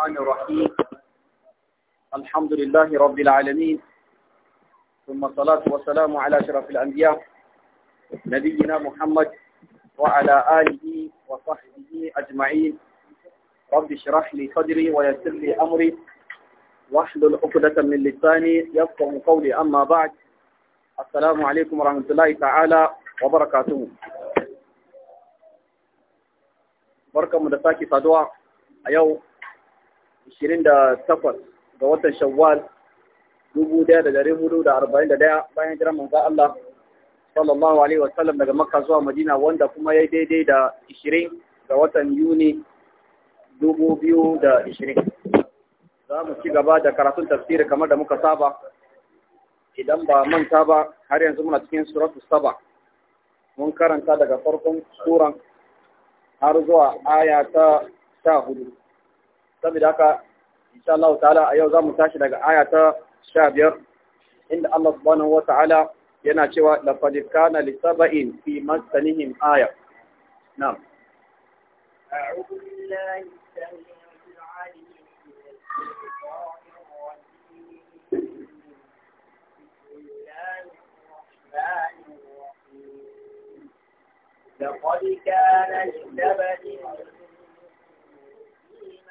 الرحمن الرحيم الحمد لله رب العالمين ثم الصلاة والسلام على شرف الأنبياء نبينا محمد وعلى آله وصحبه أجمعين رب اشرح لي صدري ويسر لي أمري واحلل عقدة من لساني يفقه قولي أما بعد السلام عليكم ورحمة الله تعالى وبركاته بركة da sake أيوه ishirin da takwas ga watan Shawwal daya bayan jiran manzo Allah sallallahu alaihi wasallam daga Makka zuwa Madina wanda kuma ya daidai da ishirin ga watan Yuni dubu biyu da ishirin. za mu ci gaba da karatun tafsiri kamar da muka saba idan ba manta ba har yanzu muna cikin suratu saba mun karanta daga farkon suran har zuwa aya ta sha hudu saboda haka insha Allah ta'ala a yau za mu tashi daga aya ta 15 inda Allah subhanahu wata'ala yana cewa laqad kana li sab'in fi masanihim aya na'am a'udhu billahi لقد كان لسبب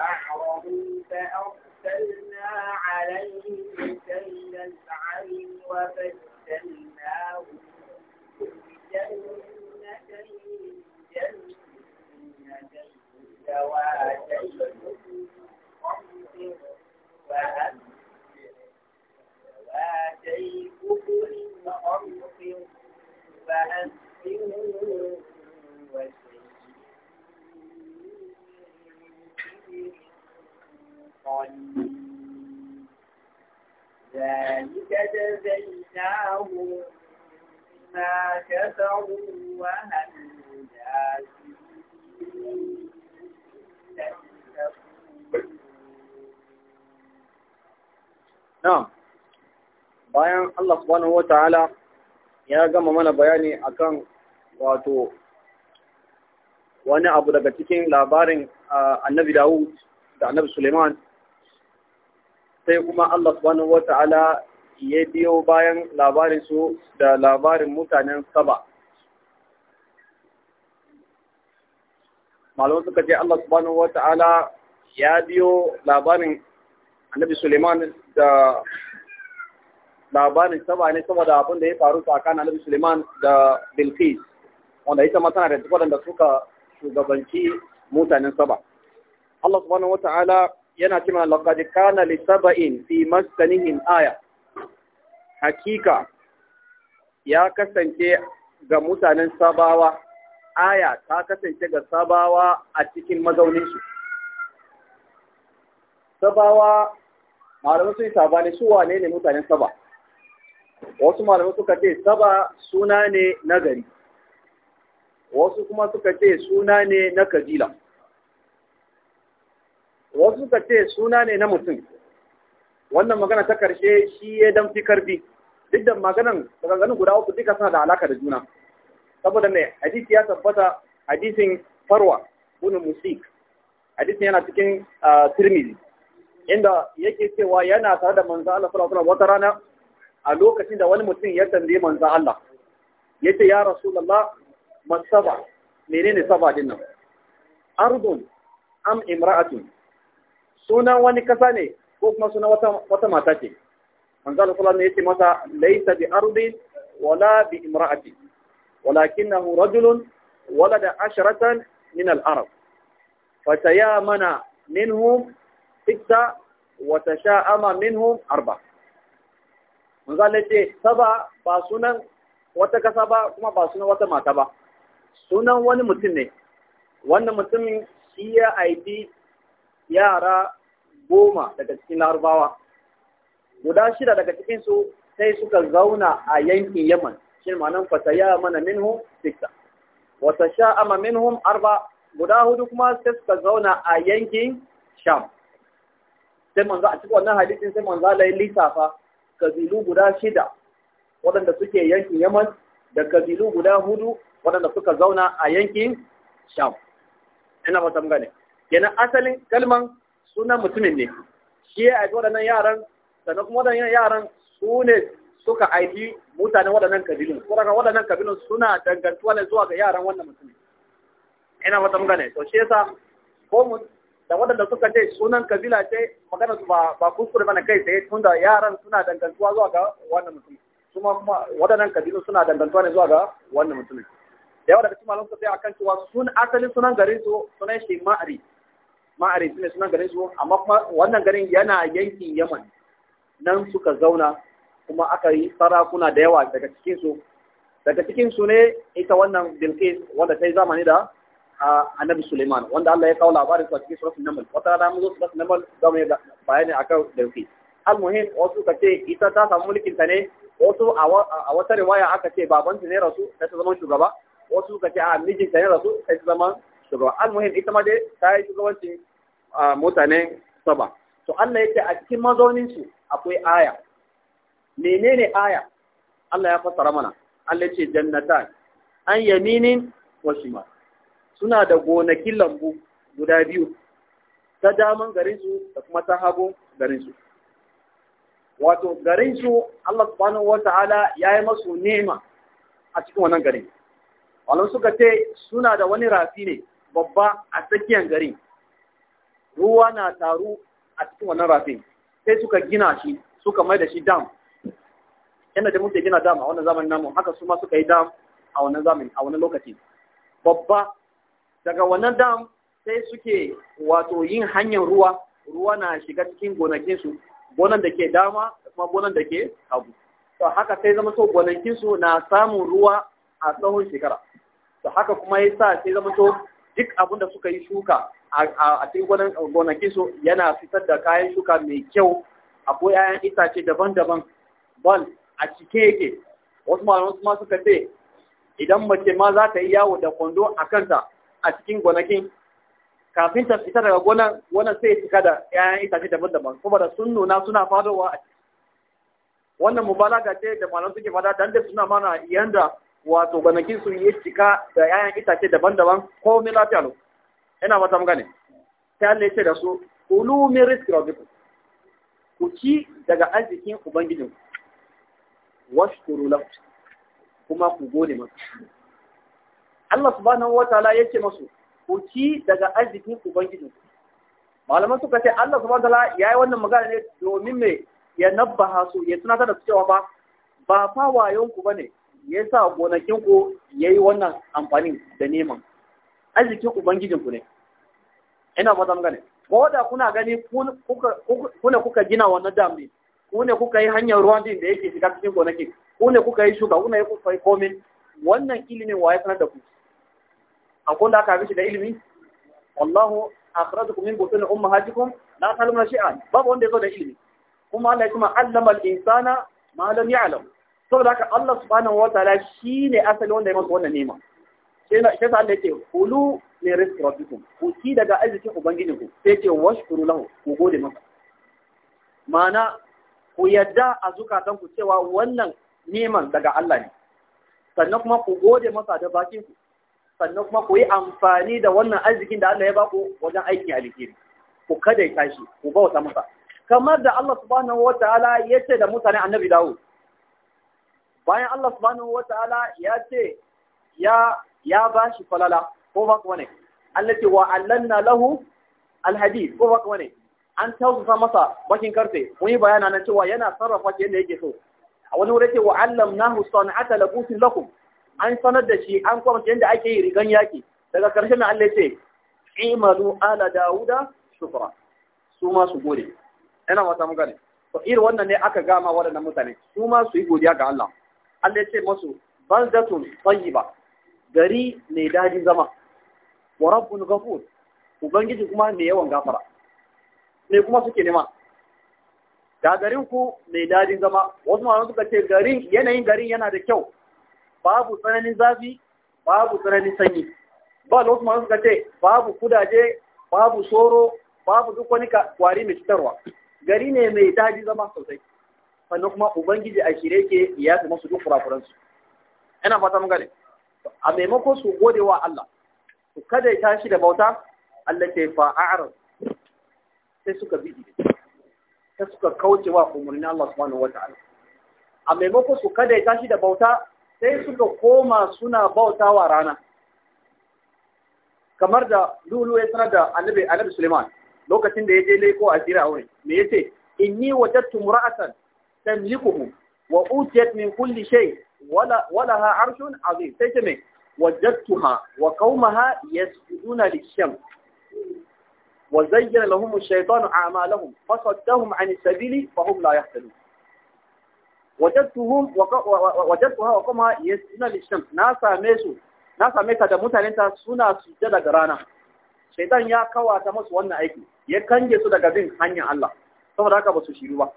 أعرضوا فأرسلنا عليهم سيل العين وبدلناهم بجنتين جنتين ذواتي خمر وأمر ذواتي كفر الضالين ذلك جزيناهم بما كفروا وهل Na'am, bayan Allah subhanahu wa ta'ala ya gama mana bayani akan wato wani abu daga cikin labarin annabi Dawud da annabi Suleiman sai kuma Allah subhanahu wata'ala ya biyo bayan labarin su da labarin mutanen saba malamu suka ce Allah subhanahu wata'ala ya biyo labarin annabi Suleiman da labarin saba ne saboda abin da ya faru tsakanin annabi Suleiman da Bilqis wanda ita ma tana da waɗanda suka shugabanci mutanen saba Allah subhanahu wata'ala yana cewa laqad kana li sab'in fi masanihim aya hakika ya kasance ga mutanen sabawa aya ta kasance ga sabawa a cikin mazauninsu sabawa malamai sun yi sabani su wane ne mutanen saba wasu malamai suka ce saba suna ne na gari wasu kuma suka ce suna ne na kabila wasu suka ce suna ne na mutum wannan magana ta karshe shi ya dan fi karfi duk da maganan maganganun guda uku duka suna da alaka da juna saboda mai hadisi ya tabbata hadisin farwa wani musik hadisin yana cikin ah, tirmizi inda yake cewa yana tare da manzo Allah sallallahu alaihi wata rana a lokacin da wani mutum ya tambaye manzo Allah yace ya rasulullah masaba menene saba din nan ardun am imra'atun sunan wani kasa ne ko kuma sunan wata mata ce manzo Allah ne alaihi wasallam masa laysa bi ardi wala bi imra'ati walakinahu rajulun da asharatan min al ya mana minhum sitta wa tasha'ama minhum arba manzo ce saba ba sunan wata kasa ba kuma ba sunan wata mata ba sunan wani mutum ne wannan mutumin shi ya yara goma daga cikin larabawa guda shida daga cikinsu sai suka zauna a yankin yaman shi ma'anan fata ya mana minhum sita wata sha ama minhum arba guda hudu kuma sai suka zauna a yankin sham sai manzo a cikin wannan hadisin sai manzo Allah ya lissafa kabilu guda shida waɗanda suke yankin yaman da kabilu guda hudu waɗanda suka zauna a yankin sham ina ba gane kenan asalin kalman sunan mutumin ne shi ya aiki waɗannan yaran sannan kuma waɗannan yaran su ne suka aiki mutanen waɗannan kabilun saboda waɗannan kabilun suna dangantuwa ne zuwa ga yaran wannan mutumin ina wata magana to shi yasa ko mu da waɗanda suka ce sunan kabila ce magana su ba kuskure bane kai tsaye da yaran suna dangantuwa zuwa ga wannan mutumin kuma kuma waɗannan kabilun suna dangantuwa ne zuwa ga wannan mutumin da yawa daga cikin malamu suka tsaya akan cewa sun asalin sunan garin su sunan shi ma'ari ma'arif ne suna garin su amma kuma wannan garin yana yanki yaman nan suka zauna kuma aka yi sarakuna da yawa daga cikin su daga cikin su ne ita wannan bilkis wanda ta yi zamani da annabi suleiman wanda Allah ya kawo labarin su a cikin suratul namal wata rana mun zo su basu namal zama ya bayani kan bilkis almuhim wasu ka ce ita ta samu mulkin ta ne wasu a wata riwaya aka ce babanta ne rasu sai ta zama shugaba wasu ka ce a mijinta ne rasu sai ta zama shugaba almuhim ita ma dai ta yi shugabancin mutane saba to Allah yake a cikin mazauninsu akwai aya menene aya Allah ya fassara mana Allah ce jannatan an yaminin wa suna da gonakin lambu guda biyu ta daman garinsu da kuma ta hagu garinsu wato garinsu su Allah subhanahu ala ya yi masu nema a cikin wannan garin wannan suka ce suna da wani rafi ne babba a tsakiyar garin ruwa na taru a cikin wannan rafin sai suka gina shi suka mai da shi dam yadda da muke gina dam a wannan zamanin namu haka su ma suka yi dam a wannan zamanin a wannan lokaci babba daga wannan dam sai suke wato yin hanyar ruwa ruwa na shiga cikin gonakinsu gonan da ke dama da kuma gonan da ke hagu to haka sai zama gonakin su na samun ruwa a tsawon shekara to haka kuma ya sa sai zama to duk abin da suka yi shuka a cikin gonakin su yana fitar da kayan shuka mai kyau akwai 'ya'yan itace daban-daban ban a cike yake wasu malaman kuma suka ce idan mace ma za ta yi yawo da kwando a kanta a cikin gonakin kafin ta fita daga gonan wannan sai cika da 'ya'yan itace daban-daban kuma da sun nuna suna fadowa a wannan mubalaga ce da malam suke fada dan da suna mana yanda wato gonakin su yi cika da 'ya'yan itace daban-daban ko mai lafiya lokaci ina mata gane sai Allah ya ce da su kulu min rizqi rabbikum ku ci daga arzikin ubangijin washkuru lahu kuma ku gode masa Allah subhanahu wataala yake masu ku ci daga arzikin ubangijin malaman suka ce Allah subhanahu wataala yayi wannan magana ne domin me ya nabbaha su ya tunatar da cewa ba ba fa wayon ku bane yasa gonakin ku yayi wannan amfani da neman arzikin ubangijinku ne ina ba zamgane, gane ko da kuna gani kuna kuka gina wannan dam ne ku ne kuka yi hanyar ruwan din da yake shiga cikin gonakin ku ne kuka yi shuka kuna yi kuka yi komai wannan ilimin waye sanar da ku akwai da aka bishi da ilimi wallahu akhrajakum min butun ummahatikum la ta'lamuna shay'an babu wanda yazo da ilimi kuma Allah ya kuma allama al-insana ma lam ya'lam saboda haka Allah subhanahu wa ta'ala shine asali wanda ya masa wannan nema sai shi Allah yake kulu li rizqi rabbikum ku ci daga arzikin ku. sai ce washkuru lahu ku gode masa mana ku yadda a zukatan ku cewa wannan neman daga Allah ne sannan kuma ku gode masa da bakin ku sannan kuma ku yi amfani da wannan arzikin da Allah ya baku wajen aikin alheri ku kada ya tashi ku bauta masa kamar da Allah subhanahu wataala ya ce da mutane annabi Dawud bayan Allah subhanahu wataala ya ce ya ya ba shi falala ko ba kuwa ne Allah wa allanna lahu alhadid ko ba kuwa ne an tausasa masa bakin karfe mun yi bayana nan cewa yana sarrafa shi yadda yake so a wani wuri ce wa allamnahu sana'ata labusin lakum an sanar da shi an kuma yadda ake yi rigan yaki daga karshe na Allah ce imalu ala dauda shukra su ma su gode ina wata mun gane to irin wannan ne aka gama waɗannan mutane su ma su yi godiya ga Allah Allah ya ce musu baldatun tayyiba gari mai daɗin zama wa rabbun ghafur ubangiji kuma mai yawan gafara me kuma suke nema ga garin ku mai daɗin zama wasu ma suka ce garin yanayin garin yana da kyau babu tsananin zafi babu tsananin sanyi ba wasu ma suka ce babu kudaje babu soro babu duk wani kwari mai cutarwa gari ne mai daɗi zama sosai sannan kuma ubangiji a shirye ke ya fi masu duk furafuransu ina fata mun gane a maimakon su gode wa Allah su kada ya tashi da bauta Allah ke fa sai suka bi sai suka kauce wa umarni Allah subhanahu wataala a maimakon su kada ya tashi da bauta sai suka koma suna bautawa rana kamar da lulu ya sanar da annabi annabi Suleiman lokacin da ya je leko a jira aure me yace inni wajadtu mura'atan tamlikuhu wa utiyat min kulli shay Wala ha arshun azim sai ce mai wajadtuha wa qaumaha yasjuduna lishams wa zayyana lahum ash-shaytanu a'malahum fasaddahum 'an as-sabili hum la yahtadun wajadtuhum wajadtuha wa qaumaha yasjuduna lishams na same su na same ka da ta suna sujjada ga rana shaitan ya kawata musu wannan aiki ya kange su daga bin hanyar Allah saboda haka ba su shiru ba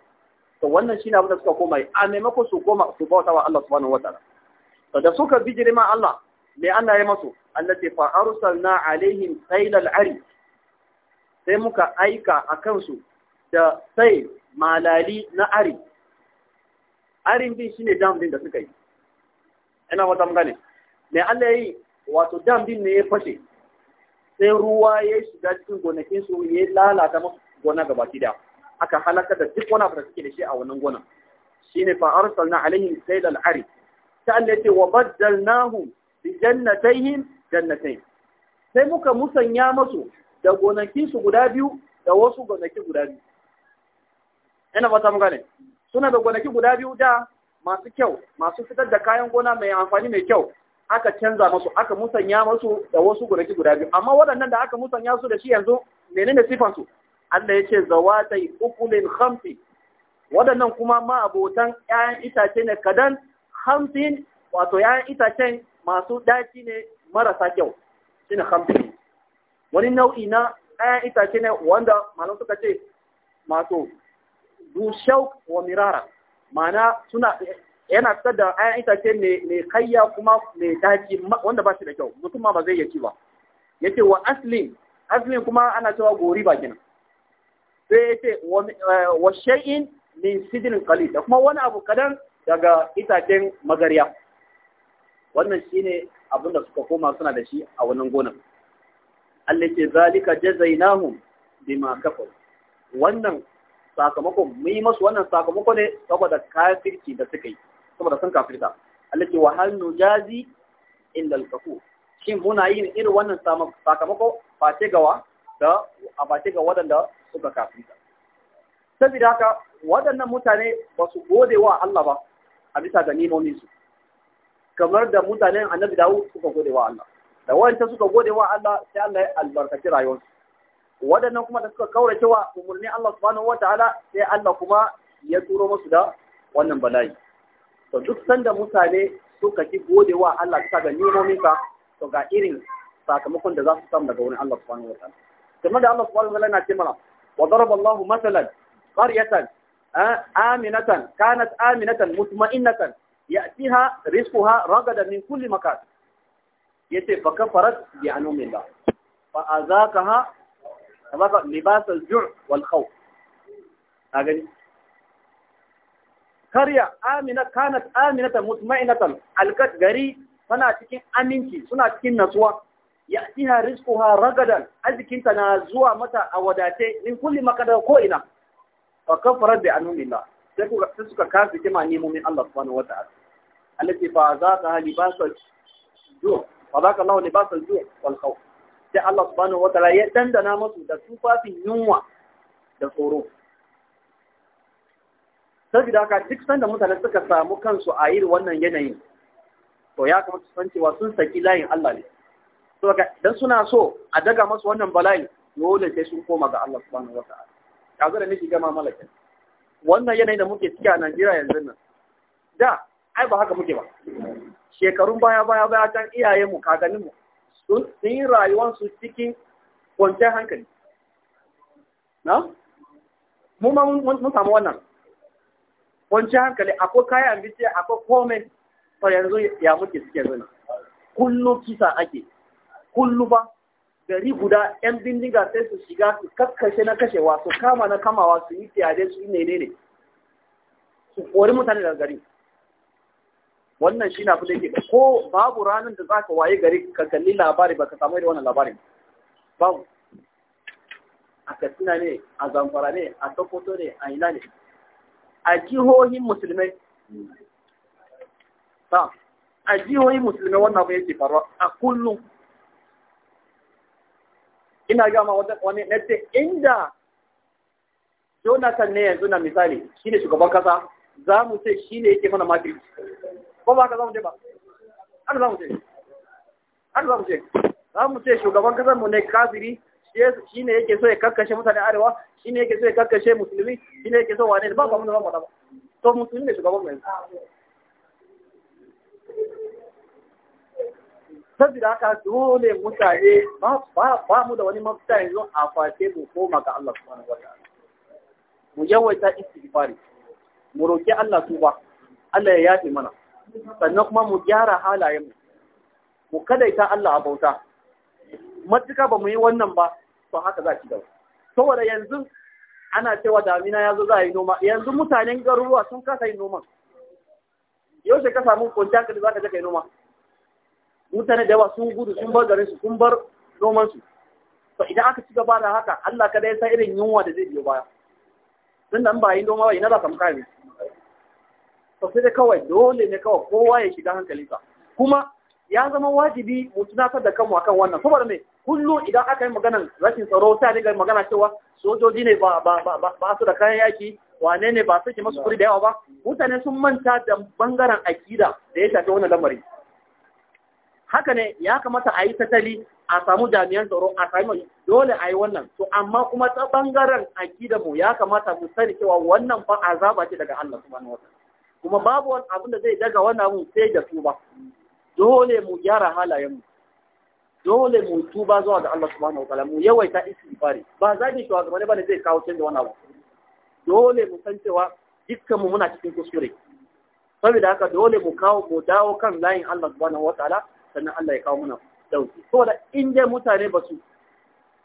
to wannan shine abin da suka koma a maimako su koma su bauta wa Allah subhanahu wataala to da suka bijire ma Allah me Allah ya masu allati fa arsalna alaihim al ari sai muka aika a kansu da sai malali na ari arin din shine dam din da suka yi ina wata gane me Allah yi wato dam din ne ya fashe sai ruwa ya shiga cikin gonakin su ya lalata musu gona gabaki daya aka halaka da duk wani abu da suke da shi a wannan Shi shine fa arsalna alaihim sayl al-ari ta Allah ce wa badalnahu bi jannatayhim jannatayn sai muka musanya masu da gonakin su guda biyu da wasu gonaki guda biyu ina fata mun gane suna da gonaki guda biyu da masu kyau masu fitar da kayan gona mai amfani mai kyau aka canza masu aka musanya masu da wasu gonaki guda biyu amma waɗannan da aka musanya su da shi yanzu menene sifansu? su Allah ya ce zawatai ukulin khamsi waɗannan kuma ma abotan ‘ya'yan itace ne kadan hamsin wato ‘ya'yan itacen masu daci ne marasa kyau shi ne wani nau'i na ‘ya'yan itace ne wanda malam suka ce masu dushau wa mirara mana suna yana fitar da ‘ya'yan itace mai kayya kuma mai daci wanda ba shi da kyau mutum ma ba zai yaci ba yace wa aslin aslin kuma ana cewa gori ba kenan sai ya ce eh, wa shay'in min sidrin qalil da kuma wani abu kadan daga itacen magariya wannan shine abin da suka koma suna da shi a wannan gonar Allah ce zalika jazainahu bima kafar wannan sakamakon mu yi masu wannan sakamako ne saboda kafirci da suka yi saboda sun kafirta Allah ce wa hal nujazi inda al-kafur shin muna yin irin wannan sakamako face gawa da a face ga waɗanda suka kafinta. Saboda haka waɗannan mutane ba su gode wa Allah ba a bisa ga nimominsu, kamar da mutanen annabi Dawud suka gode wa Allah. Da wanda suka gode wa Allah sai Allah ya albarkaci rayuwarsu. Waɗannan kuma da suka kaurace wa umarni Allah subhanahu wa ta'ala sai Allah kuma ya turo musu da wannan bala'i. To duk sanda mutane suka ki gode wa Allah bisa ga nimominsa to ga irin sakamakon da za su samu daga wurin Allah subhanahu wa ta'ala. Kamar da Allah subhanahu wa ta'ala na ce mana wa daraba Allah masalan qaryatan aminatan kanat aminatan mutma'innatan ya'tiha rizquha ragadan min kulli makan yace fa kafarat bi anumillah fa azakaha sabaka libas al-ju' wal khawf agani karya amina kanat aminatan mutma'inatan gari cikin aminci suna cikin natsuwa ya tiha rizquha ragadan arzikinta na zuwa mata a wadatai. in kulli makadar ko ina fa kafarat bi anumillah sai suka suka kafi nemo min Allah subhanahu wata'ala allati fa ba libasal ju fa zaka Allah libasal ju wal khawf sai Allah subhanahu wata'ala ya dandana musu da tufafin yunwa da tsoro saboda haka duk sanda mutane suka samu kansu a irin wannan yanayin to ya kamata su san cewa sun saki layin Allah ne saboda dan suna so a daga masu wannan bala'i dole sai sun koma ga Allah subhanahu wata'ala kaga da nake gama malakin wannan yanayin da muke ciki a Najeriya yanzu nan da ai ba haka muke ba shekarun baya baya baya can iyaye mu kakannin mu sun yi rayuwar su cikin kwanciyar hankali na mu ma mun samu wannan kwanciyar hankali akwai kayan abinci akwai komai to yanzu ya muke suke zuna kullu kisa ake kullu ba gari guda yan bindiga sai su shiga su kakkashe na kashe wasu kama na kamawa su yi fiyade su ne ne su kori mutane daga gari wannan shi na fulake ko babu ranar da za ka waye gari ka kalli labari ba ka samu irin wannan labarin babu a katsina ne a zamfara ne a sokoto ne a ina ne a jihohin musulmai a jihohin musulmai wannan abu yake faruwa a kullum ina ga ma wani na ce inda Jonathan ne yanzu na misali shi shugaban kasa za mu ce shi ne yake mana makirci ko ba ka za mu ce ba har za mu ce har za mu ce za mu ce shugaban kasa mu ne kafiri shi ne yake so ya kakkashe mutane arewa shi ne yake so ya kakkashe musulmi shi ne yake so wane ba ba mu ba ba to musulmi ne shugaban mu yanzu saboda haka dole mutane ba mu da wani mafita yanzu a face mu koma ga Allah subhanahu wa ta'ala mu yawaita istighfari mu roki Allah tuba Allah ya yafe mana sannan kuma mu gyara halayenmu mu mu kadaita Allah a bauta matuka ba mu yi wannan ba to haka za ki dau, saboda yanzu ana cewa damina ya zo za a yi noma yanzu mutanen garuruwa sun kasa yin noma yau ka samu kwanciyar da za ka je ka yi noma mutane da yawa sun gudu sun bar garin su sun bar noman su to idan aka ci gaba da haka Allah kada ya san irin yunwa da zai biyo baya dan nan ba yi noma ba ina za ka mu kare to sai dai kawai dole ne kawai kowa ya shiga ka. kuma ya zama wajibi mu tunatar da kanmu akan wannan saboda me kullum idan aka yi maganan rashin tsaro sai daga magana cewa sojoji ne ba ba ba su da kayan yaki wane ne ba suke masu kuri da yawa ba mutane sun manta da bangaren akida da ya shafi wannan lamari haka ne ya kamata a yi tattali a samu jami'an tsaro a sami dole a yi wannan to amma kuma ta bangaren akida mu ya kamata mu sani cewa wannan fa azaba ce daga Allah subhanahu wa kuma babu wani abin da zai daga wannan mu sai da tuba dole mu gyara halayen mu dole mu tuba zuwa ga Allah subhanahu wa mu yawaita istighfari ba zagi shi wa ba ne zai kawo canza wannan abu dole mu san cewa dukkan mu muna cikin kuskure saboda haka dole mu kawo mu dawo kan layin Allah subhanahu wa ta'ala sannan Allah ya kawo mana dauki saboda in dai mutane ba su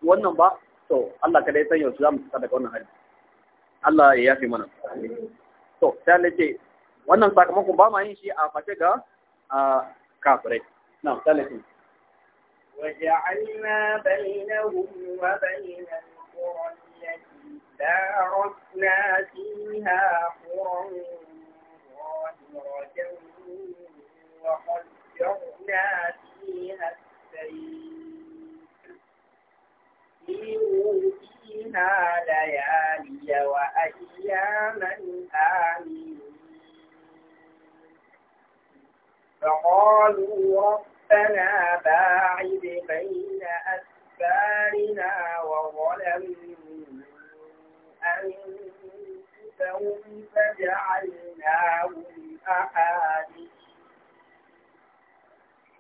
wannan ba to Allah kada ya san yau za mu fita daga wannan hali Allah ya yafe mana to sai Allah ce wannan sakamakon ba ma yin shi a face ga kafirai na sai Allah وجعلنا بينهم وبين القرى التي باركنا فيها قرى ظاهرة وخلفا فيها فيها ليالي وأياما فقالوا ربنا باعد بين أسفارنا وظلموا أنفسهم فجعلناهم أحاديث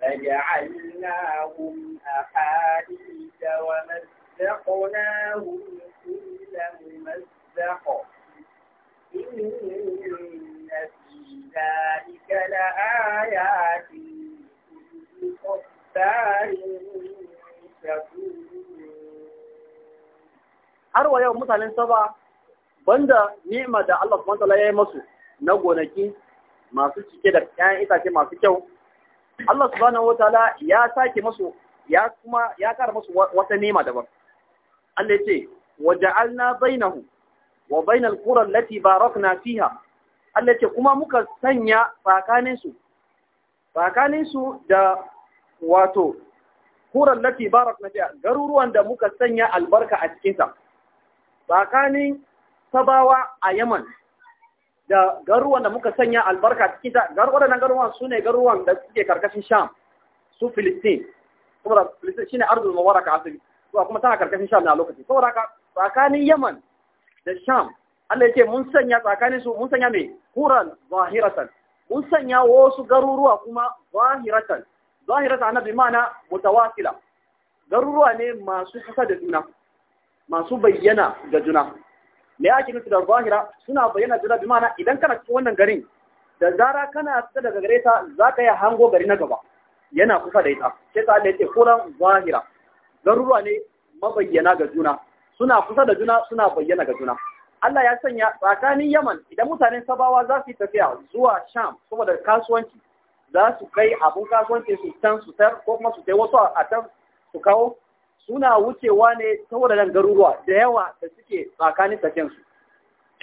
فجعلناهم أحاديث ومزقناهم كل ممزق إن في ذلك لآيات لكل har wa yau mutanen saba banda ni'ima da Allah subhanahu wa ta'ala ya yi masu na gonaki masu cike da 'ya'yan itace masu kyau Allah subhanahu wataala ya sake musu ya kuma ya kara musu wata nema daban Allah ya ce waja'alna bainahu wa bainal qura allati barakna fiha Allah ya ce kuma muka sanya tsakanin su tsakanin su da wato qura allati barakna fiha garuruwan da muka sanya albarka a cikin ta tsakanin sabawa a Yaman da garuwan da muka sanya albarka cikin ta garuwan nan garuwan su ne garuwan da suke karkashin sham su filistin saboda filistin shine arzul mubaraka asali to kuma tana karkashin sham na lokaci saboda haka tsakanin yaman da sham Allah ya ce mun sanya tsakanin su mun sanya me quran zahiratan mun sanya wasu garuruwa kuma zahiratan zahiratan bi mana mutawasila garuruwa ne masu kusa da juna masu bayyana ga juna me ake nufi da zahira suna bayyana juna bi ma'ana idan kana cikin wannan garin da zara kana fita daga gare ta za ka yi hango gari na gaba yana kusa da ita sai ta ce kuran zahira garuruwa ne mabayyana ga juna suna kusa da juna suna bayyana ga juna Allah ya sanya tsakanin Yaman idan mutanen Sabawa za su yi tafiya zuwa Sham saboda kasuwanci za su kai abun kasuwanci su can su tar ko kuma su kai wasu a can su kawo suna wucewa ne saboda nan garuruwa da yawa da suke tsakanin sakin su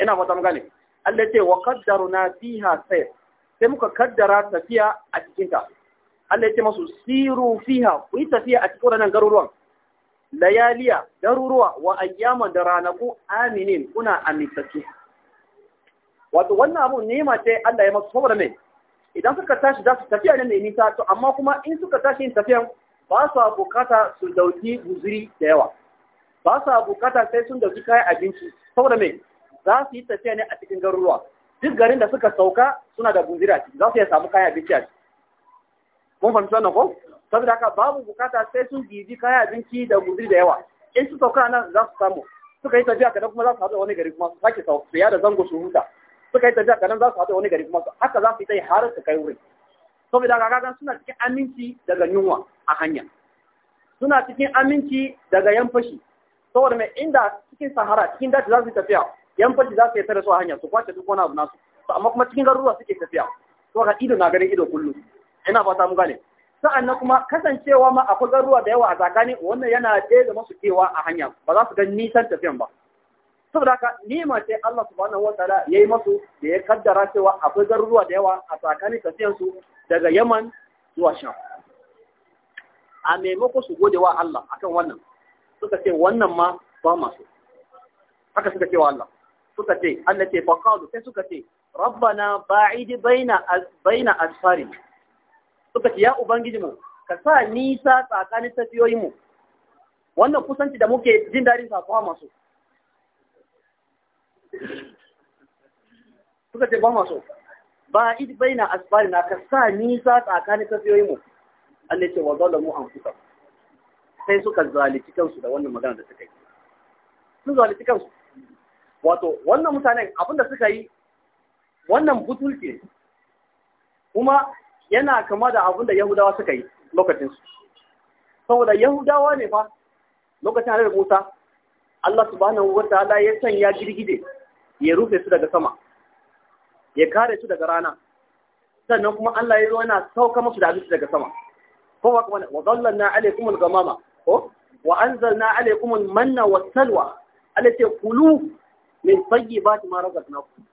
ina mata Allah ce wa qaddarna fiha sayr sai muka kaddara tafiya a cikin Allah ce masu siru fiha ku yi tafiya a cikin wannan garuruwan layaliya garuruwa wa ayyaman da ranaku aminin kuna amintacce wato wannan abu nema ce Allah ya masu saboda mai idan suka tashi za su tafiya ne mai nisa to amma kuma in suka tashi yin tafiyan ba sa bukata su dauki guzuri da yawa ba sa bukata sai sun dauki kayan abinci saboda me za su yi tafiya ne a cikin garuruwa duk garin da suka sauka suna da guzuri a ciki za su iya samu kayan abinci a ciki mun fahimci wannan ko saboda haka babu bukata sai sun gidi kayan abinci da guzuri da yawa in su sauka nan za su samu suka yi tafiya kadan kuma za su haɗu wani gari kuma su sake sauka su yada zango su huta suka yi tafiya kadan za su haɗu wani gari kuma haka za su yi ta har su kai wurin saboda kaga suna cikin aminci daga yunwa a hanya suna cikin aminci daga yan fashi saboda mai inda cikin sahara cikin daji za su tafiya yan fashi za su yi tare su a hanya su kwace duk wani abu nasu amma kuma cikin garuruwa suke tafiya to ka ido na ganin ido kullum ina fata mu gane sa'annan kuma kasancewa ma akwai garuruwa da yawa a tsakani wannan yana ɗaya da masu kewa a hanya ba za su ga nisan tafiyan ba saboda haka nima ce Allah subhanahu ya yayi masu da ya kaddara cewa akwai garuruwa da yawa a tsakanin tafiyan su daga Yaman zuwa Sham a maimako su gode wa Allah akan wannan suka ce wannan ma ba masu haka suka ce wa Allah suka ce Allah ce faqalu sai suka ce rabbana ba'id baina baina asfari suka ce ya ubangiji mu ka sa nisa tsakanin tafiyoyin mu wannan kusanci da muke jin dadin sa masu suka ce ba ma so ba id baina asbari na ka sa nisa tsakanin tafiyoyin mu Allah ce wa an kusa sai suka zalici kansu da wannan magana da suka yi sun zalici kansu wato wannan mutanen abinda suka yi wannan butulci kuma yana kama da abinda yahudawa suka yi lokacinsu saboda yahudawa ne fa lokacin halar musa Allah subhanahu wa ta'ala ya sanya girgide ya rufe su daga sama ya kare su daga rana sannan kuma Allah ya zo yana sauka musu da abinci daga sama ko wa kuma wa na alaykum al-ghamama ko wa anzalna alaykum al-manna was-salwa alati kulu min tayyibati ma razaqnakum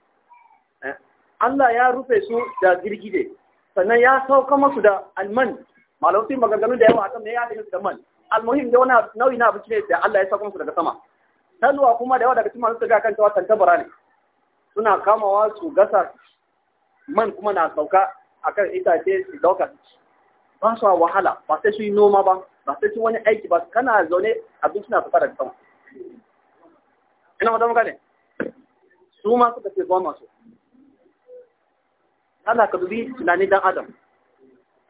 eh? Allah ya rufe su da girgije sannan ya sauka musu da alman malamin maganganu da yawa akan ne ya su da man almuhim da wani nau'i na abinci ne da Allah ya sauka musu daga sama sanuwa kuma da yawa daga cikin masu suka kan cewa tantabara ne. Suna kamawa su gasa man kuma na sauka akan itace su dauka ba su wahala ba sai su yi noma ba ba sai su wani aiki ba kana zaune abinci suna fita daga sama. Ina wata muka ne? Su ma suka ce zuwa masu. Ana ka dubi tunani dan Adam.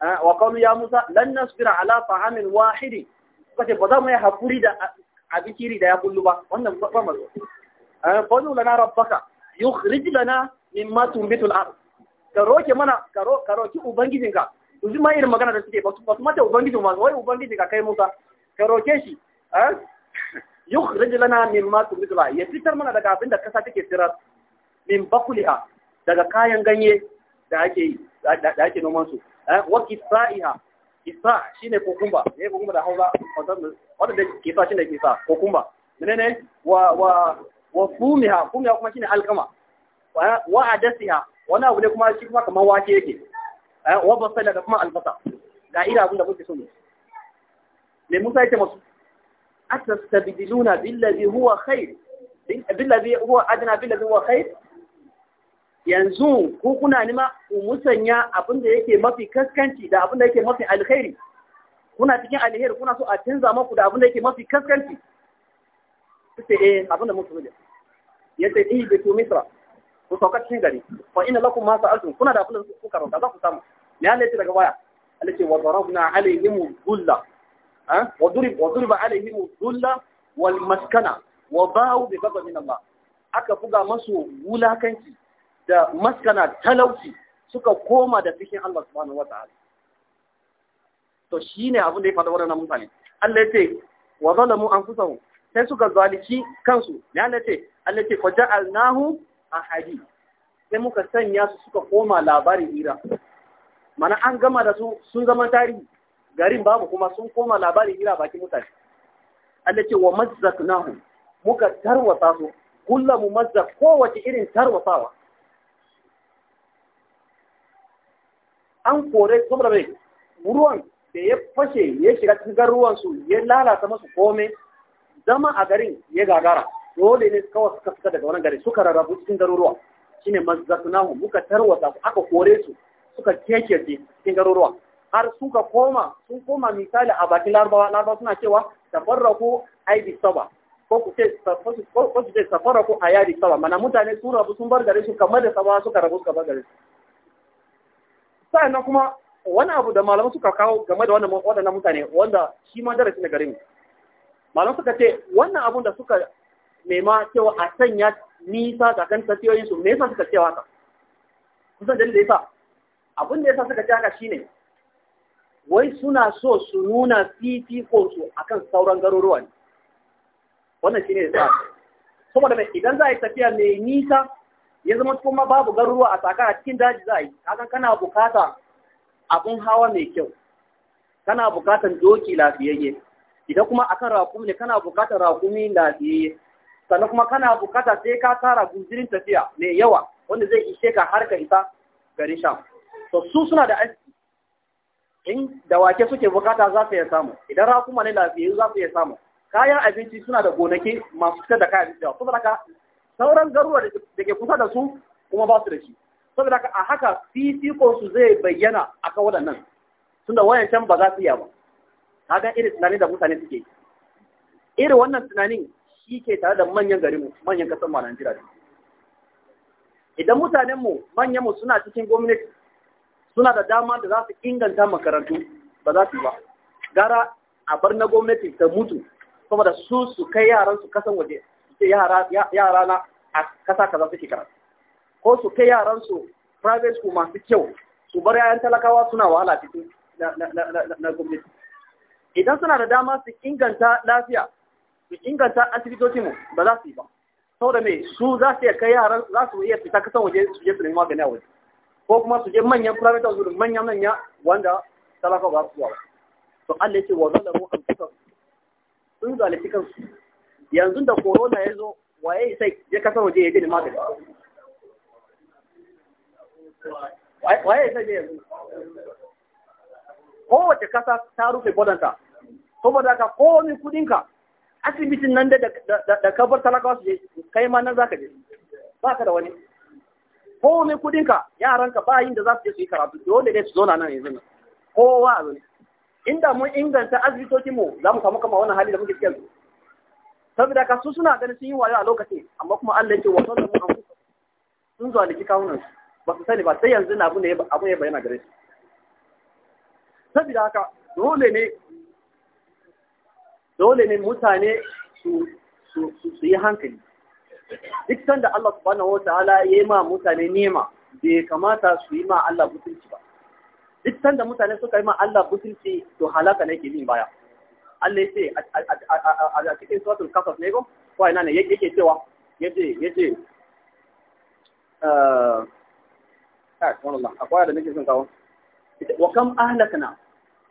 Eh, wa kawo ya Musa, lan nasbira ala ta'amin wahidi. Suka ce ba za mu yi hakuri da a zikiri da ya kullu ba wannan ba mazo eh, fadu lana rabbaka yukhrij lana mimma tumbitul ard ka roke mana ka roki ubangijinka ku ji ma irin magana da suke ba su mata ubangijin ma wai ubangijin ka kai Musa ka roke shi eh? yukhrij lana mimma tumbitul ard ya fitar mana daga abinda kasa take tsirar min bakuliha daga kayan ganye da ake da ake noman su eh, wa kisaiha kisa shine kokumba ne kokumba da hausa wanda da kisa shine kisa kokumba menene wa wa wa fumiha fumiha kuma shine alkama wa adasiha wani abu ne kuma shi kuma kamar wake yake eh, wa basala da kuma albasa ga ira abin da muke so ne me Musa yake masu atastabdiluna billazi huwa khair billazi huwa adna billazi huwa khair yanzu ku kuna nima ku musanya abin da yake mafi kaskanci da abin da yake mafi alkhairi kuna cikin alheri kuna so a canza maku da abin da yake mafi kaskanci suke eh abin da muke ya ce eh bi tumisra ku sauka cikin gari fa inna lakum ma sa'altum kuna da abin da kuka da za ku samu ne Allah ya daga baya Allah ce wa darabna alaihim dhulla ha ah, wa durib wa duriba alaihim dhulla wal maskana wa ba'u bi ghadabin aka buga masu wulakanci da maskana talauci suka koma da cikin Allah subhanahu wa ta'ala to shine abin da ya faɗa waɗannan mutane Allah ya ce wa zalamu anfusahum sai suka zalici kansu ne Allah ya ce Allah ya ce a ahadi sai muka sanya su suka koma labarin hira mana an gama da su sun zama tarihi garin babu kuma sun koma labarin hira baki mutane Allah ya ce wa mazzaknahu muka tarwasa su kullamu mazzak kowace irin tarwasawa an kore kuma mai ruwan da ya fashe ya shiga cikin ruwan su ya lalata masu komai zama a garin ya gagara dole ne kawai suka fita daga wannan gari suka rarrabu cikin garuruwa shine mazzatunahu muka tarwata aka kore su suka keke cikin garuruwa har suka koma sun koma misali a bakin larabawa larabawa suna cewa tafarraku aibi saba ko ku ce ko ku ce tafarraku ayadi saba mana mutane sun rabu sun bar gare su kamar da saba suka rabu suka bar gare su na kuma wani abu da malamu suka kawo game da waɗannan mutane wanda shi ma darasi na gare mu malamu suka ce wannan abun da suka nema cewa a sanya nisa da kan tafiyoyin su me yasa suka cewa haka kusan dalilin da yasa abin da yasa suka ce haka shine wai suna so su nuna fifikon su akan sauran garuruwa ne wannan shine yasa saboda idan za a yi tafiya mai nisa ya zama kuma babu garuruwa a tsaka a cikin daji za a yi kaga kana bukata abin hawa mai kyau kana bukatan doki lafiyayye idan kuma akan rakumi ne kana bukatan rakumi lafiyayye sannan kuma kana bukata sai ka tara guzirin tafiya mai yawa wanda zai ishe ka har ka isa garin sham to su suna da aski in da wake suke bukata za su iya samu idan rakuma ne lafiyayye za su iya samu kayan abinci suna da gonaki masu cika da kayan abinci saboda sauran garuwa da ke kusa da su kuma ba su da shi saboda haka a haka fifikonsu zai bayyana kan waɗannan tunda wayancan ba za su iya ba ga irin tunanin da mutane suke irin wannan tunanin shi ke tare da manyan garinmu manyan kasar ma Najeriya idan mutanenmu manyanmu suna cikin gwamnati suna da dama da za su inganta makarantu ba za su yi ba gara a bar na gwamnati ta mutu kuma da su su kai yaran su kasan waje ce yara na a kasa kaza suke karatu ko su kai yaran su private school masu kyau su bar yayan talakawa suna wahala cikin na gwamnati idan suna da dama su inganta lafiya su inganta asibitoci mu, ba za su yi ba da mai su za su iya kai yaran za su iya fita kasan waje su je su nemi magani a waje ko kuma su je manyan private hospital manya manya wanda talakawa ba su zuwa ba to Allah ya ce wa zalamu an kusa sun zalunci kansu yanzu da korona ya zo waye sai ya kasa waje ya je da magani waye sai ya yanzu kowace kasa ta rufe bodanta saboda ka komi kudinka asibitin nan da da kabar talakawa su je kai ma nan zaka je ba ka da wani komi kudinka yaranka ba yin da za su je su yi karatu dole ne su zauna nan yanzu kowa a zuni inda mun inganta asibitocinmu za mu samu kama wannan hali da muke cikin saboda ka su suna ganin sun yi wayo a lokacin amma kuma Allah yake wato da mu an kusa sun zalunci kawunan su ba su sani ba sai yanzu na abin da abun ya bayyana gare su saboda haka dole ne dole ne mutane su su su yi hankali duk sanda Allah subhanahu wataala ya yi ma mutane nema bai kamata su yi ma Allah butulci ba duk sanda mutane suka yi ma Allah butulci to halaka ne ke yin baya Allah yace a cikin suratul kasas ne ko ko ina ne yake cewa yace yace eh subhanallah akwai da nake son kawo wa kam ahlakna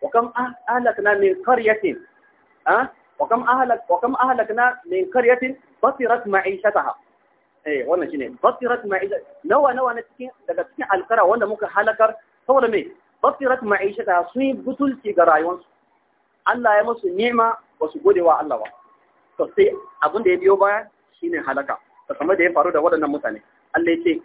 wa kam ahlakna min qaryatin ah wa kam ahlak wa kam ahlakna min qaryatin basirat ma'ishataha eh wannan shine basirat ma'ishataha nawa nawa na cikin daga cikin alkara wanda muka halakar saboda me basirat ma'ishataha sun butulci ga rayuwarsu Allah ya musu nima ba su gode wa Allah ba to sai abin da ya biyo baya shine halaka to kamar da ya faru da waɗannan mutane Allah ya ce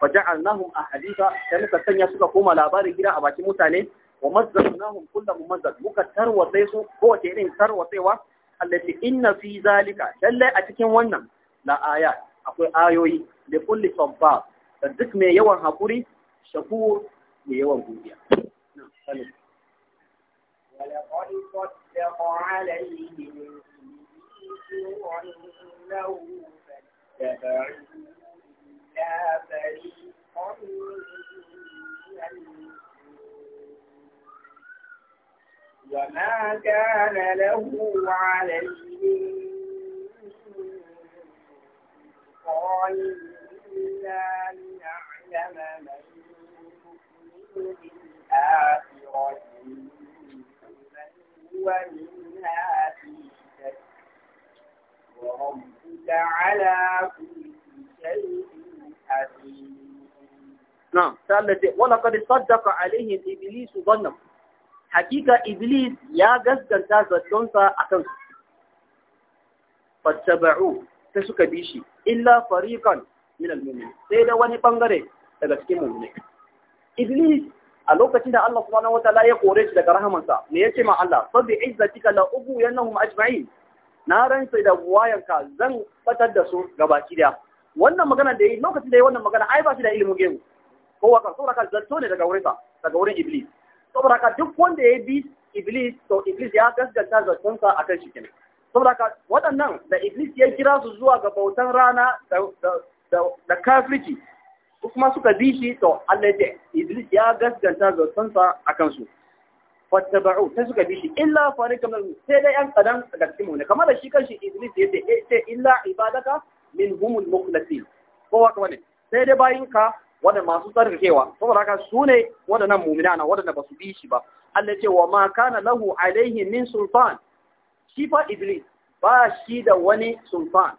fa ja'alnahum ahadisa sai muka sanya suka koma labarin gida a bakin mutane wa mazzaqnahum kullu mumazzaq muka tarwatsai su kowace irin wa, Allah ya ce inna fi zalika lallai a cikin wannan la aya, akwai ayoyi da kulli sabba da duk mai yawan hakuri shakur mai yawan godiya ولقد صدق عليهم أنه فاتبعوا إلا فريقا من وما كان له عليهم قال إلا لنعلم من يؤمن بالآخرة ومنا في شك wala kada saddaka alaihim iblis dhannam. Hakika iblis ya gaskanta zaddonsa a su. Fattaba'u, ta suka bi shi illa farikan min al Sai da wani bangare daga cikin mu'mini. Iblis a lokacin da Allah subhanahu wataala ya kore shi daga rahamansa me yace ma Allah bi izzatika la ubu yanahum ajma'in na rantsa da wayanka zan fatar da su gabaki da. wannan magana da yi lokacin da yi wannan magana ai ba shi da ilimin gemu ko wa kasuwa ka zato ne daga wurinsa daga wurin iblis saboda ka duk wanda ya bi iblis to iblis ya gaskata zantonsa a kan shi kenan saboda ka waɗannan da iblis ya kira su zuwa ga bautan rana da kafirci su kuma suka bi shi to Allah ya Iblis ya gaskanta zartansa a kansu fattaba'u ta suka bi shi illa fariqan min sai dai yan kadan daga cikin mu ne kamar da shi kanshi Iblis ya ce sai eh, illa ibadaka humul mukhlasin ko haka ne sai dai bayinka wanda masu tsarkakewa saboda haka su ne waɗannan mu'mina na waɗanda ba su bi shi ba Allah ya ce wa ma kana lahu alaihi min sultan shi fa Iblis ba shi da wani sultan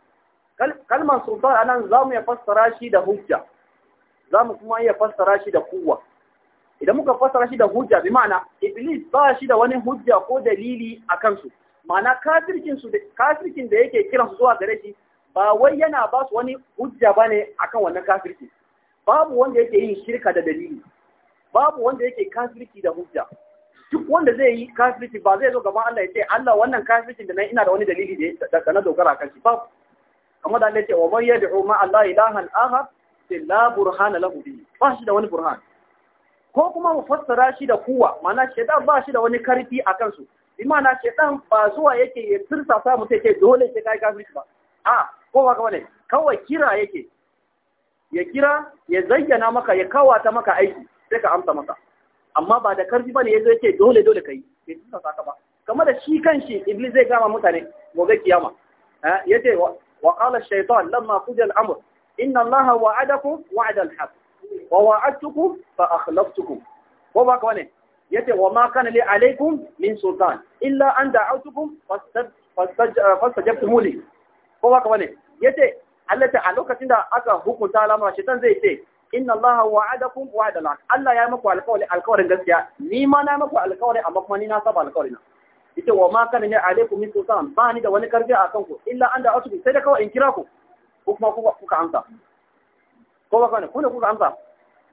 kalmar sultan anan zamu ya fassara shi da hujja za mu kuma iya fassara shi da kuwa idan muka fassara shi da hujja bi ma'ana iblis ba shi da wani hujja ko dalili a kansu ma'ana kafirkin su kafircin da yake kiransu zuwa gare shi ba wai yana ba su wani hujja bane akan wannan kafirki. babu wanda yake yin shirka da dalili babu wanda yake kafirki da hujja duk wanda zai yi kafirki ba zai zo gaban Allah ya ce Allah wannan kafirkin da na ina da wani dalili da na dogara kan shi babu kamar da Allah ya ce wa man yad'u ma Allah ilahan akhar sai la burhana lahu bi ba shi da wani burhan ko kuma mu fassara shi da kuwa ma'ana shaitan ba shi da wani karfi a kansu imana shaitan ba zuwa yake ya tursa sa mutum yake dole sai kai kafirci ba a ko ba kawai kawai kira yake ya kira ya zayyana maka ya kawata maka aiki sai ka amsa maka amma ba da karfi bane yazo yake dole dole kai ya tursa ka ba kamar da shi kanshi iblis zai gama mutane gobe kiyama eh, yace wa qala ash-shaytan lamma qudi al-amr inna allaha wa'adakum wa'adal haqq wa wa'adtukum fa akhlaftukum ko ba ka yace wa ma kana li min sultan illa an da'awtukum fastajabtum li ko ba ka yace Allah a lokacin da aka hukunta al'amura shaitan zai ce inna allaha wa'adakum wa'adal haqq Allah ya muku alƙawari alƙawarin gaskiya ni ma na muku alƙawari amma kuma ni na saba alƙawari na yace wa ma kana li min sultan ba da wani karfi a kanku illa an sai da kawai in kira ku ko kuma kuka amsa ko ba kane ne kuka amsa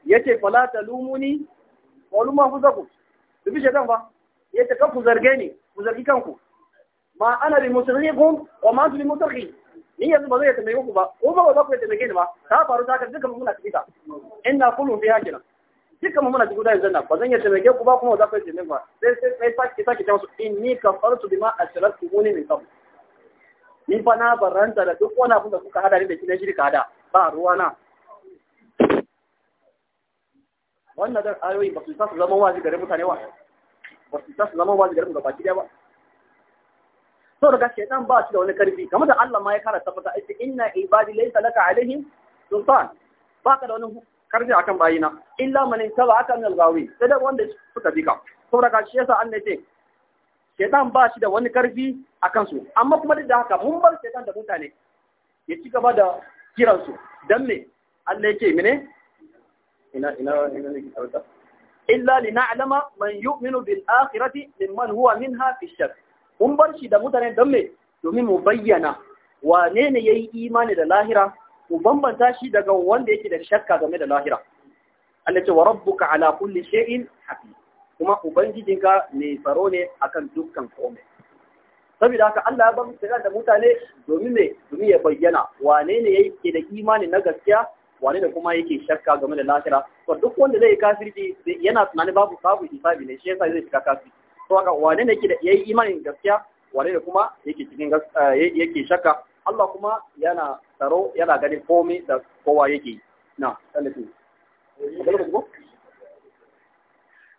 yace fala talumuni wa luma fuzaku dubi shedan fa yace kan ku zarge ni ku zargi kanku ma ana bi musrikum wa ma bi musrikhi ni yanzu ba zai mai ku ba ko ba za ku mai ni ba ta faru ta ka duka muna tsika inna kullu biha kina duka muna tsika yanzu nan ba zan yi mai ku ba kuma za ku tambaye ba sai sai sai saki saki ta musu inni kafartu bima ashraftumuni min qabl ni fa na baranta da duk wani abin da kuka hada ni da shi na shirka da ba ruwa na wannan dan ayoyi ba su sa su zama wazi gare mutane wa ba su sa su zama wazi gare mu gaba ki ba to daga shedan ba shi da wani karfi kamar da Allah ma ya karanta tabbata ita inna ibadi laysa laka alaihim sultan ba ka da wani karfi akan bayina illa man tabaka min al-ghawi sai da wanda suka bika to daga shi yasa Allah ya ce shaitan ba shi da wani karfi a kansu amma kuma duk da haka mun bar shaitan da mutane ya ci gaba da kiransu don me Allah yake mene ina ina ina ne kitabta illa na'lama man yu'minu bil akhirati mimman huwa minha fi shakk mun bar shi da mutane don me domin mu bayyana wane ne yayi imani da lahira mu bambanta shi daga wanda yake da shakka game da lahira Allah ya ce wa rabbuka ala kulli shay'in hafiz kuma ubangijinka mai tsaro ne akan dukkan kome saboda haka Allah ya ba mutsira da mutane domin ne domin ya bayyana wane ne yake da imani na gaskiya wane ne kuma yake shakka game da lahira to duk wanda zai kafirci yana tunani babu babu hisabi ne shi yasa zai shiga kafirci to haka wane ne yake da yayi imanin gaskiya wane ne kuma yake cikin eh, yake shakka Allah kuma yana tsaro yana ganin komai da kowa yake na sallatin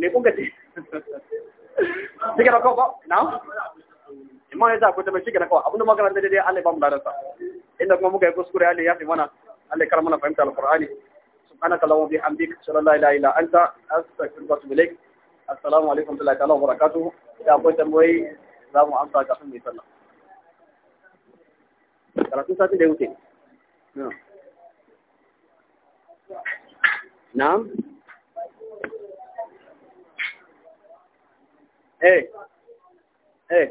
me kuka ce shiga da kawai ba na imma ya za ku taɓa shiga ba mu inda kuma muka yi kuskure ya fi mana fahimta alqur'ani subhanaka allahumma bihamdika la ilaha illa anta astaghfiruka wa atubu ilaik assalamu alaikum wa rahmatullahi wa barakatuh za mu amsa sallah sati da na'am eh eh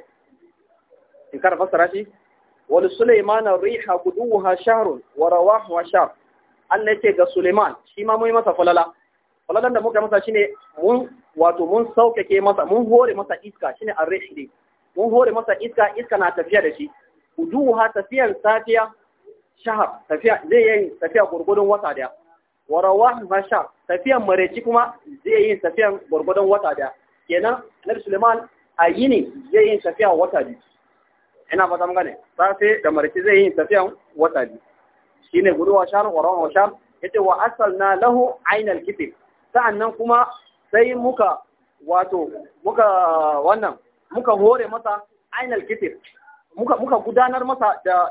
in kana fassara shi wal sulaiman riha guduha shahrun wa rawahu shahr Allah yake ga Suleiman shi ma mun masa falala falalan da muka masa shine mun wato mun saukake masa mun hore masa iska shine ar ne, mun hore masa iska iska na tafiya da shi Guduwa tafiyan safiya shahar tafiya zai yi tafiya gurgudun wata daya wa rawah shahar tafiyan mareci kuma zai yi tafiyan gurgudun wata daya kenan na suleiman a yini zai yi tafiya wata biyu ina fata mun gane safe da marci zai yi tafiya wata biyu ne gudu wa shan wa rawa shar yace wa asal na lahu ainal kifi sa'annan kuma sai muka wato muka wannan muka hore masa ainal kifi muka muka gudanar masa da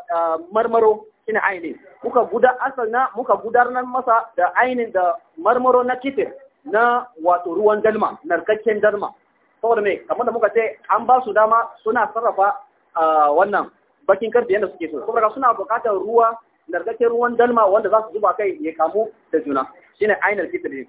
marmaro shine ainin muka guda na muka gudanar masa da ainin da marmaro na kifi na wato ruwan dalma narkakken dalma saboda me kamar da muka ce an ba su dama suna sarrafa wannan bakin karfe yadda suke so saboda suna buƙatar ruwa narkakken ruwan dalma wanda za su zuba kai ya kamu da juna shine ainal fitri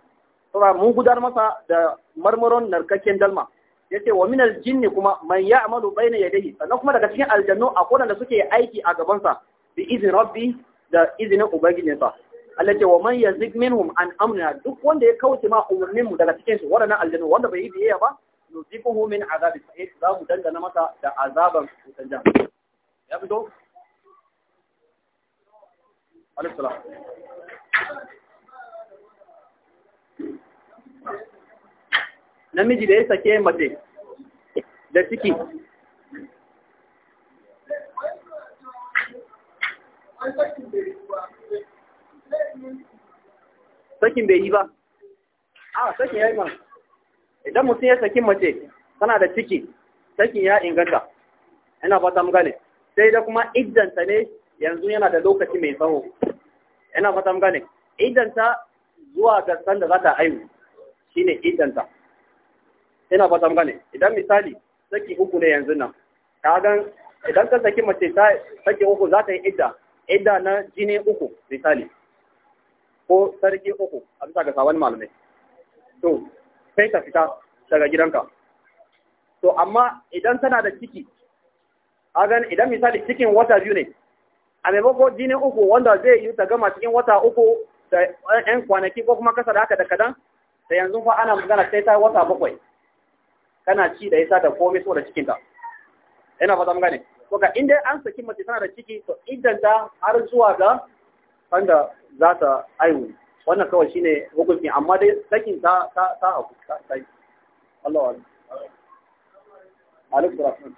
saboda mun gudar masa da marmaron narkakken dalma yace wa minal jinni kuma man ya'malu bayna yadayhi sannan kuma daga cikin aljannu akwai da suke aiki a gabansa. bi izin rabbi da izinin ubangijinsa Allah ce wa man yazik minhum an amna duk wanda ya kauce ma umurnin mu daga cikin su waɗannan aljanu wanda bai yi biyayya ba nuzifuhu min azabi sa'id za mu dangana masa da azaban wutan jahannam ya fito alaihi salam namiji da ya sake mace da ciki sakin bai yi ba a sakin ya yi ma idan mutum ya sakin mace tana da ciki sakin ya inganta yana fata mu gane sai da kuma iddanta ne yanzu yana da lokaci mai tsawo yana fata mu gane iddanta zuwa ga sanda za ta haihu shine iddanta yana fata mu gane idan misali saki uku ne yanzu nan ta gan idan ka saki mace ta saki uku za ta yi idda idda na jini uku misali ko sarki uku a bisa ga sabon malamai to sai ka fita daga gidanka to amma idan tana da ciki a gan idan misali cikin wata biyu ne a maimako jini uku wanda zai yi ta gama cikin wata uku da yan kwanaki ko kuma kasa da haka da kadan da yanzu fa ana magana sai ta wata bakwai kana ci da yasa da komai da cikinta ina fata magana gane to ka inda an saki mace tana da ciki to idan ta har zuwa ga wanda za ta aiwu wannan kawai shi ne hukunci amma dai sakin ta ta ta haku ta yi Allah wa alaikum rahmatullahi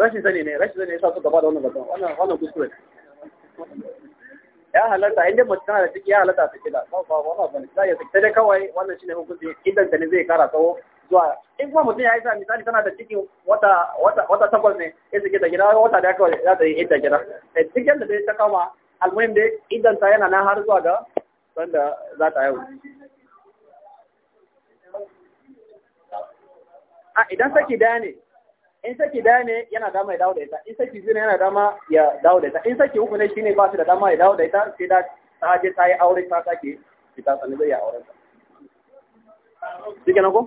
rashin sani ne rashin sani ya sa su gaba da wannan zaton wannan kuskure ya halatta inda mutum tana da ciki ya halatta ta kila ba ba ba ba sai ya sai dai kawai wannan shine hukunci idan ta ne zai kara tsawo zuwa in kuma mutum ya yi sa misali tana da ciki wata wata wata takwas ne ya sake ta gida wata da kawai za ta yi idda gida sai eh, duk yanda dai ta kama almuhim dai idan ta yana nan har zuwa ga wanda za ta yau a idan saki daya ne in saki daya ne yana dama ya dawo da ita in saki biyu ne yana dama ya dawo da ita in saki uku ne shine ba su da dama ya dawo da ita sai da ta je ta yi aure ta sake fita sannan zai yi aure ta shi kenan ko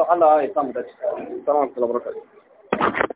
to Allah ya samu dace salamu alaikum